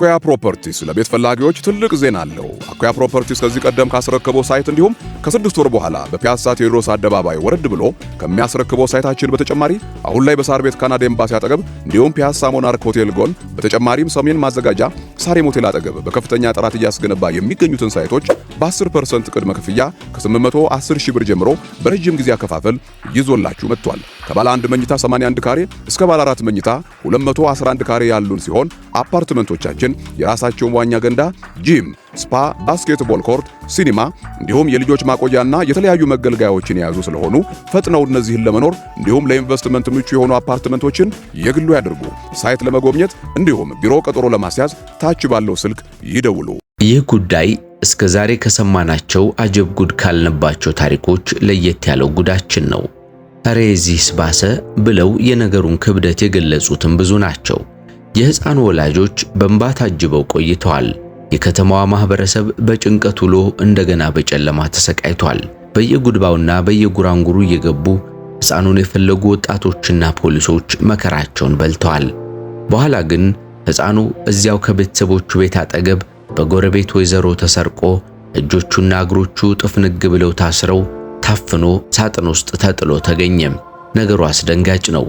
አኩያ ፕሮፐርቲስ ለቤት ፈላጊዎች ትልቅ ዜና አለው። አኩያ ፕሮፐርቲስ ከዚህ ቀደም ካስረከበው ሳይት እንዲሁም ከስድስት ወር በኋላ በፒያሳ ቴዎድሮስ አደባባይ ወረድ ብሎ ከሚያስረክበው ሳይታችን በተጨማሪ አሁን ላይ በሳር ቤት ካናዳ ኤምባሲ አጠገብ እንዲሁም ፒያሳ ሞናርክ ሆቴል ጎን በተጨማሪም ሰሜን ማዘጋጃ ሳሬም ሆቴል አጠገብ በከፍተኛ ጥራት እያስገነባ የሚገኙትን ሳይቶች በ10% ቅድመ ክፍያ ከ810 ሺህ ብር ጀምሮ በረጅም ጊዜ አከፋፈል ይዞላችሁ መጥቷል። ከባለ አንድ መኝታ 81 ካሬ እስከ ባለ አራት መኝታ 211 ካሬ ያሉን ሲሆን አፓርትመንቶቻችን የራሳቸውን ዋኛ ገንዳ፣ ጂም፣ ስፓ፣ ባስኬትቦል ኮርት፣ ሲኒማ እንዲሁም የልጆች ማቆያና የተለያዩ መገልገያዎችን የያዙ ስለሆኑ ፈጥነው እነዚህን ለመኖር እንዲሁም ለኢንቨስትመንት ምቹ የሆኑ አፓርትመንቶችን የግሉ ያድርጉ። ሳይት ለመጎብኘት እንዲሁም ቢሮ ቀጠሮ ለማስያዝ ታች ባለው ስልክ ይደውሉ። ይህ ጉዳይ እስከ ዛሬ ከሰማናቸው አጀብ ጉድ ካልንባቸው ታሪኮች ለየት ያለው ጉዳችን ነው። ሬዚስ ባሰ ብለው የነገሩን ክብደት የገለጹትም ብዙ ናቸው። የሕፃኑ ወላጆች በእንባ ታጅበው ቆይተዋል። የከተማዋ ማህበረሰብ በጭንቀት ውሎ እንደገና በጨለማ ተሰቃይቷል። በየጉድባውና በየጉራንጉሩ እየገቡ ሕፃኑን የፈለጉ ወጣቶችና ፖሊሶች መከራቸውን በልተዋል። በኋላ ግን ሕፃኑ እዚያው ከቤተሰቦቹ ቤት አጠገብ በጎረቤት ወይዘሮ ተሰርቆ እጆቹና እግሮቹ ጥፍንግ ብለው ታስረው ታፍኖ ሳጥን ውስጥ ተጥሎ ተገኘም። ነገሩ አስደንጋጭ ነው።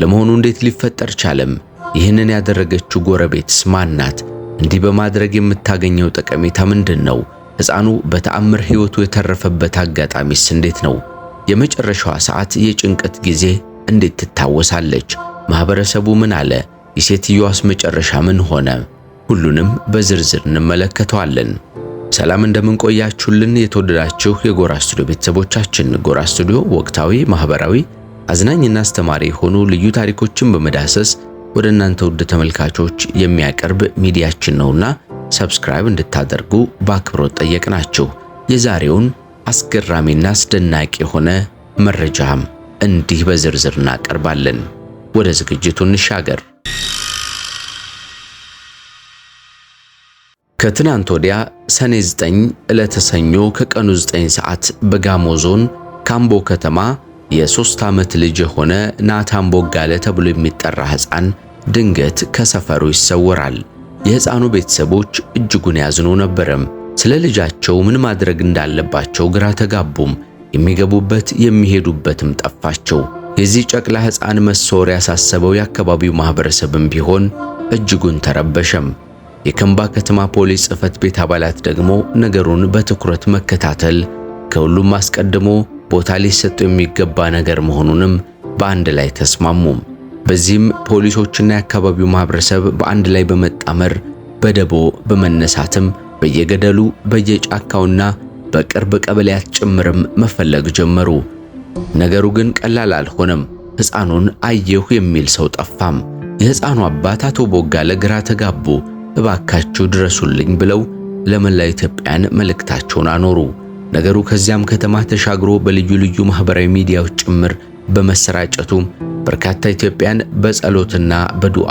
ለመሆኑ እንዴት ሊፈጠር ቻለም? ይህንን ያደረገችው ጎረቤትስ ማናት? እንዲህ በማድረግ የምታገኘው ጠቀሜታ ምንድን ነው? ሕፃኑ በተአምር ሕይወቱ የተረፈበት አጋጣሚስ እንዴት ነው? የመጨረሻዋ ሰዓት የጭንቀት ጊዜ እንዴት ትታወሳለች? ማህበረሰቡ ምን አለ? የሴትየዋስ መጨረሻ ምን ሆነ? ሁሉንም በዝርዝር እንመለከተዋለን። ሰላም እንደምንቆያችሁልን የተወደዳችሁ የጎራ ስቱዲዮ ቤተሰቦቻችን፣ ጎራ ስቱዲዮ ወቅታዊ፣ ማህበራዊ፣ አዝናኝና አስተማሪ የሆኑ ልዩ ታሪኮችን በመዳሰስ ወደ እናንተ ውድ ተመልካቾች የሚያቀርብ ሚዲያችን ነውና ሰብስክራይብ እንድታደርጉ በአክብሮት ጠየቅናችሁ። የዛሬውን አስገራሚና አስደናቂ የሆነ መረጃም እንዲህ በዝርዝር እናቀርባለን። ወደ ዝግጅቱ እንሻገር። ከትናንት ወዲያ ሰኔ 9 ዕለተ ሰኞ ከቀኑ 9 ሰዓት በጋሞ ዞን ካምቦ ከተማ የሶስት ዓመት ልጅ የሆነ ናታን ቦጋለ ተብሎ የሚጠራ ሕፃን ድንገት ከሰፈሩ ይሰወራል። የሕፃኑ ቤተሰቦች እጅጉን ያዝኖ ነበረም። ስለ ልጃቸው ምን ማድረግ እንዳለባቸው ግራ ተጋቡም። የሚገቡበት የሚሄዱበትም ጠፋቸው። የዚህ ጨቅላ ሕፃን መሰወር ያሳሰበው የአካባቢው ማኅበረሰብም ቢሆን እጅጉን ተረበሸም። የከምባ ከተማ ፖሊስ ጽሕፈት ቤት አባላት ደግሞ ነገሩን በትኩረት መከታተል ከሁሉም አስቀድሞ ቦታ ሊሰጠው የሚገባ ነገር መሆኑንም በአንድ ላይ ተስማሙ። በዚህም ፖሊሶችና የአካባቢው ማህበረሰብ በአንድ ላይ በመጣመር በደቦ በመነሳትም በየገደሉ በየጫካውና በቅርብ ቀበሌያት ጭምርም መፈለግ ጀመሩ። ነገሩ ግን ቀላል አልሆነም። ሕፃኑን አየሁ የሚል ሰው ጠፋም። የሕፃኑ አባት አቶ ቦጋለ ግራ ተጋቡ። እባካችሁ ድረሱልኝ ብለው ለመላ ኢትዮጵያን መልእክታቸውን አኖሩ። ነገሩ ከዚያም ከተማ ተሻግሮ በልዩ ልዩ ማህበራዊ ሚዲያዎች ጭምር በመሰራጨቱ በርካታ ኢትዮጵያን በጸሎትና በዱዓ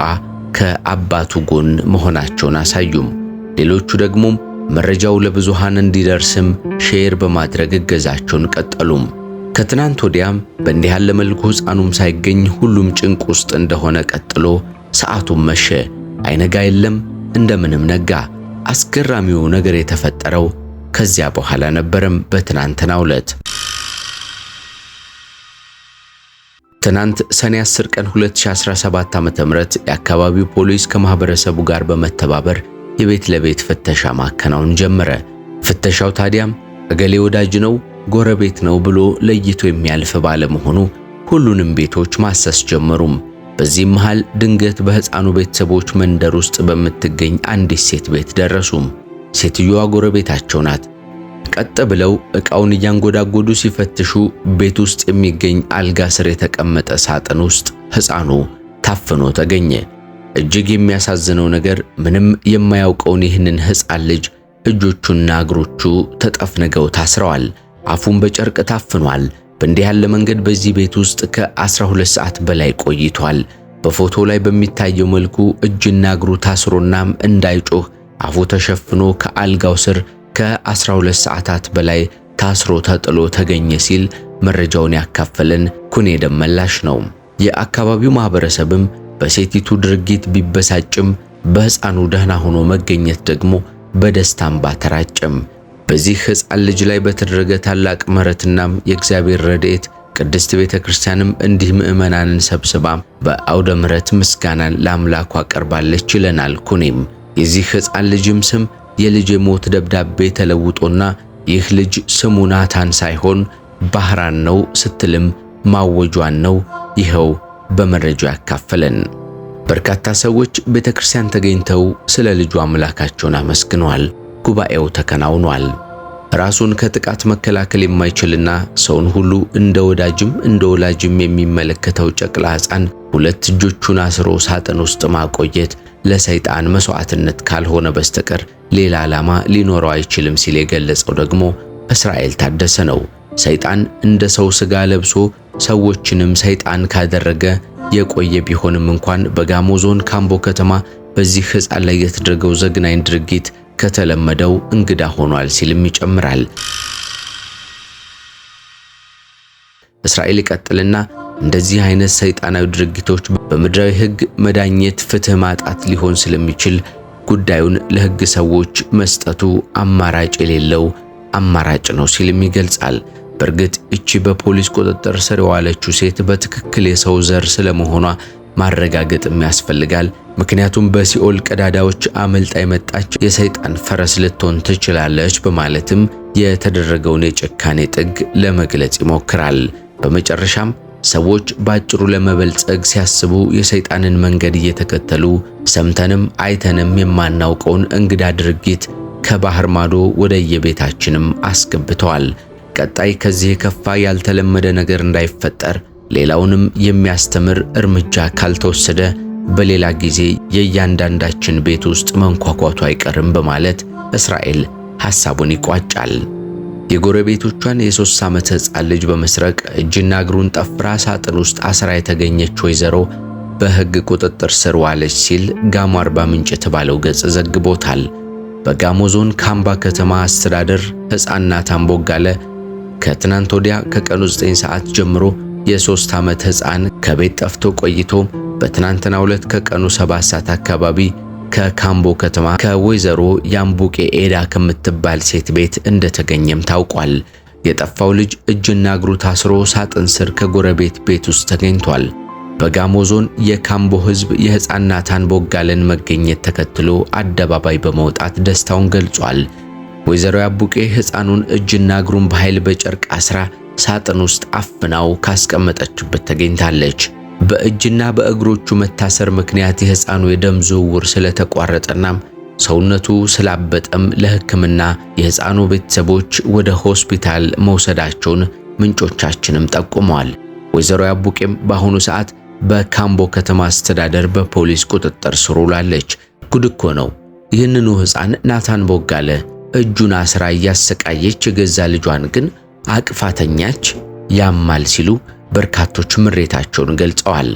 ከአባቱ ጎን መሆናቸውን አሳዩም። ሌሎቹ ደግሞ መረጃው ለብዙሃን እንዲደርስም ሼር በማድረግ እገዛቸውን ቀጠሉም። ከትናንት ወዲያም በእንዲህ ያለ መልኩ ሕፃኑም ሳይገኝ ሁሉም ጭንቅ ውስጥ እንደሆነ ቀጥሎ ሰዓቱም መሸ። አይነጋ የለም እንደምንም ነጋ። አስገራሚው ነገር የተፈጠረው ከዚያ በኋላ ነበረም። በትናንትናው ዕለት ትናንት ሰኔ 10 ቀን 2017 ዓ.ም የአካባቢው ፖሊስ ከማህበረሰቡ ጋር በመተባበር የቤት ለቤት ፍተሻ ማከናወን ጀመረ። ፍተሻው ታዲያም እገሌ ወዳጅ ነው፣ ጎረቤት ነው ብሎ ለይቶ የሚያልፍ ባለመሆኑ ሁሉንም ቤቶች ማሰስ ጀመሩም። በዚህም መሃል ድንገት በሕፃኑ ቤተሰቦች መንደር ውስጥ በምትገኝ አንዲት ሴት ቤት ደረሱም። ሴትዮዋ ጎረቤታቸው ናት። ቀጥ ብለው ዕቃውን እያንጎዳጎዱ ሲፈትሹ ቤት ውስጥ የሚገኝ አልጋ ስር የተቀመጠ ሳጥን ውስጥ ሕፃኑ ታፍኖ ተገኘ። እጅግ የሚያሳዝነው ነገር ምንም የማያውቀውን ይህንን ሕፃን ልጅ እጆቹና እግሮቹ ተጠፍንገው ታስረዋል። አፉን በጨርቅ ታፍኗል። በእንዲህ ያለ መንገድ በዚህ ቤት ውስጥ ከ12 ሰዓት በላይ ቆይቷል። በፎቶ ላይ በሚታየው መልኩ እጅና እግሩ ታስሮናም እንዳይጮህ አፉ ተሸፍኖ ከአልጋው ስር ከ12 ሰዓታት በላይ ታስሮ ተጥሎ ተገኘ ሲል መረጃውን ያካፈለን ኩኔ ደመላሽ ነው። የአካባቢው ማህበረሰብም በሴቲቱ ድርጊት ቢበሳጭም በሕፃኑ ደህና ሆኖ መገኘት ደግሞ በደስታም ባተራጨም። በዚህ ሕፃን ልጅ ላይ በተደረገ ታላቅ ምሕረትናም የእግዚአብሔር ረድኤት ቅድስት ቤተ ክርስቲያንም እንዲህ ምእመናንን ሰብስባ በአውደ ምሕረት ምስጋናን ለአምላኩ አቀርባለች ይለናል ኩኔም። የዚህ ሕፃን ልጅም ስም የልጅ ሞት ደብዳቤ ተለውጦና ይህ ልጅ ስሙ ናታን ሳይሆን ባህራን ነው ስትልም ማወጇን ነው ይኸው በመረጃ ያካፈለን። በርካታ ሰዎች ቤተ ክርስቲያን ተገኝተው ስለ ልጁ አምላካቸውን አመስግነዋል። ጉባኤው ተከናውኗል። ራሱን ከጥቃት መከላከል የማይችልና ሰውን ሁሉ እንደ ወዳጅም እንደ ወላጅም የሚመለከተው ጨቅላ ሕፃን ሁለት እጆቹን አስሮ ሳጥን ውስጥ ማቆየት ለሰይጣን መስዋዕትነት ካልሆነ በስተቀር ሌላ ዓላማ ሊኖረው አይችልም ሲል የገለጸው ደግሞ እስራኤል ታደሰ ነው። ሰይጣን እንደ ሰው ሥጋ ለብሶ ሰዎችንም ሰይጣን ካደረገ የቆየ ቢሆንም እንኳን በጋሞ ዞን ካምቦ ከተማ በዚህ ሕፃን ላይ የተደረገው ዘግናኝ ድርጊት ከተለመደው እንግዳ ሆኗል ሲልም ይጨምራል። እስራኤል ይቀጥልና እንደዚህ አይነት ሰይጣናዊ ድርጊቶች በምድራዊ ሕግ መዳኘት ፍትህ ማጣት ሊሆን ስለሚችል ጉዳዩን ለሕግ ሰዎች መስጠቱ አማራጭ የሌለው አማራጭ ነው ሲልም ይገልጻል። በእርግጥ እቺ በፖሊስ ቁጥጥር ስር የዋለችው ሴት በትክክል የሰው ዘር ስለመሆኗ ማረጋገጥም ያስፈልጋል። ምክንያቱም በሲኦል ቀዳዳዎች አመልጣ የመጣች የሰይጣን ፈረስ ልትሆን ትችላለች በማለትም የተደረገውን የጭካኔ ጥግ ለመግለጽ ይሞክራል። በመጨረሻም ሰዎች ባጭሩ ለመበልጸግ ሲያስቡ የሰይጣንን መንገድ እየተከተሉ ሰምተንም አይተንም የማናውቀውን እንግዳ ድርጊት ከባህር ማዶ ወደየቤታችንም አስገብተዋል። ቀጣይ ከዚህ የከፋ ያልተለመደ ነገር እንዳይፈጠር ሌላውንም የሚያስተምር እርምጃ ካልተወሰደ በሌላ ጊዜ የእያንዳንዳችን ቤት ውስጥ መንኳኳቱ አይቀርም በማለት እስራኤል ሐሳቡን ይቋጫል። የጎረቤቶቿን የሦስት ዓመት ሕፃን ልጅ በመስረቅ እጅና እግሩን ጠፍራ ሳጥን ውስጥ አስራ የተገኘች ወይዘሮ በሕግ ቁጥጥር ስር ዋለች ሲል ጋሞ አርባ ምንጭ የተባለው ገጽ ዘግቦታል። በጋሞ ዞን ካምባ ከተማ አስተዳደር ሕፃንና ናታን ከትናንት ወዲያ ከቀኑ 9 ሰዓት ጀምሮ የሦስት ዓመት ሕፃን ከቤት ጠፍቶ ቆይቶ በትናንትናው ዕለት ከቀኑ ሰባት ሰዓት አካባቢ ከካምቦ ከተማ ከወይዘሮ ያምቡቄ ኤዳ ከምትባል ሴት ቤት እንደተገኘም ታውቋል። የጠፋው ልጅ እጅና እግሩ ታስሮ ሳጥን ስር ከጎረቤት ቤት ውስጥ ተገኝቷል። በጋሞ ዞን የካምቦ ሕዝብ የሕፃን ናታን ቦጋለን መገኘት ተከትሎ አደባባይ በመውጣት ደስታውን ገልጿል። ወይዘሮ ያቡቄ ሕፃኑን እጅና እግሩን በኃይል በጨርቅ አስራ ሳጥን ውስጥ አፍናው ካስቀመጠችበት ተገኝታለች። በእጅና በእግሮቹ መታሰር ምክንያት የሕፃኑ የደም ዝውውር ስለተቋረጠናም ሰውነቱ ስላበጠም ለሕክምና የሕፃኑ ቤተሰቦች ወደ ሆስፒታል መውሰዳቸውን ምንጮቻችንም ጠቁመዋል። ወይዘሮ ያቡቄም በአሁኑ ሰዓት በካምቦ ከተማ አስተዳደር በፖሊስ ቁጥጥር ስር ውላለች። ጉድ እኮ ነው። ይህንኑ ሕፃን ናታን ቦጋለ እጁን አስራ እያሰቃየች የገዛ ልጇን ግን አቅፋተኛች፣ ያማል ሲሉ በርካቶች ምሬታቸውን ገልጸዋል።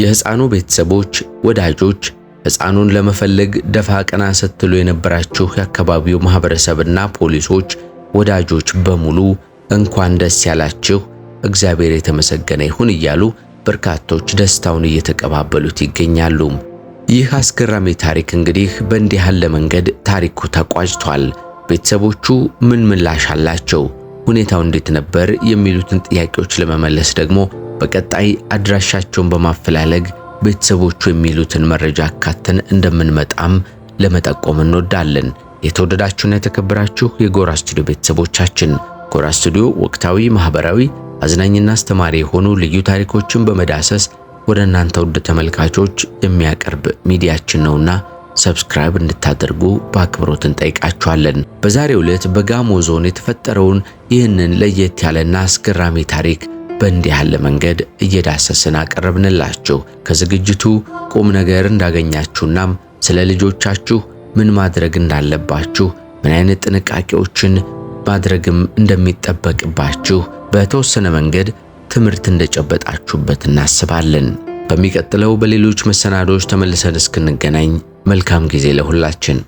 የሕፃኑ ቤተሰቦች፣ ወዳጆች ሕፃኑን ለመፈለግ ደፋ ቀና ስትሉ የነበራችሁ የአካባቢው ማህበረሰብና ፖሊሶች፣ ወዳጆች በሙሉ እንኳን ደስ ያላችሁ፣ እግዚአብሔር የተመሰገነ ይሁን እያሉ በርካቶች ደስታውን እየተቀባበሉት ይገኛሉ። ይህ አስገራሚ ታሪክ እንግዲህ በእንዲህ ያለ መንገድ ታሪኩ ተቋጭቷል። ቤተሰቦቹ ምን ምላሽ አላቸው፣ ሁኔታው እንዴት ነበር የሚሉትን ጥያቄዎች ለመመለስ ደግሞ በቀጣይ አድራሻቸውን በማፈላለግ ቤተሰቦቹ የሚሉትን መረጃ አካተን እንደምንመጣም ለመጠቆም እንወዳለን። የተወደዳችሁና የተከበራችሁ የጎራ ስቱዲዮ ቤተሰቦቻችን ጎራ ስቱዲዮ ወቅታዊ፣ ማህበራዊ፣ አዝናኝና አስተማሪ የሆኑ ልዩ ታሪኮችን በመዳሰስ ወደ እናንተ ውድ ተመልካቾች የሚያቀርብ ሚዲያችን ነውና ሰብስክራይብ እንድታደርጉ በአክብሮት እንጠይቃችኋለን። በዛሬው ዕለት በጋሞ ዞን የተፈጠረውን ይህንን ለየት ያለና አስገራሚ ታሪክ በእንዲህ ያለ መንገድ እየዳሰስን አቀረብንላችሁ። ከዝግጅቱ ቁም ነገር እንዳገኛችሁናም ስለ ልጆቻችሁ ምን ማድረግ እንዳለባችሁ፣ ምን አይነት ጥንቃቄዎችን ማድረግም እንደሚጠበቅባችሁ በተወሰነ መንገድ ትምህርት እንደጨበጣችሁበት እናስባለን። በሚቀጥለው በሌሎች መሰናዶዎች ተመልሰን እስክንገናኝ መልካም ጊዜ ለሁላችን።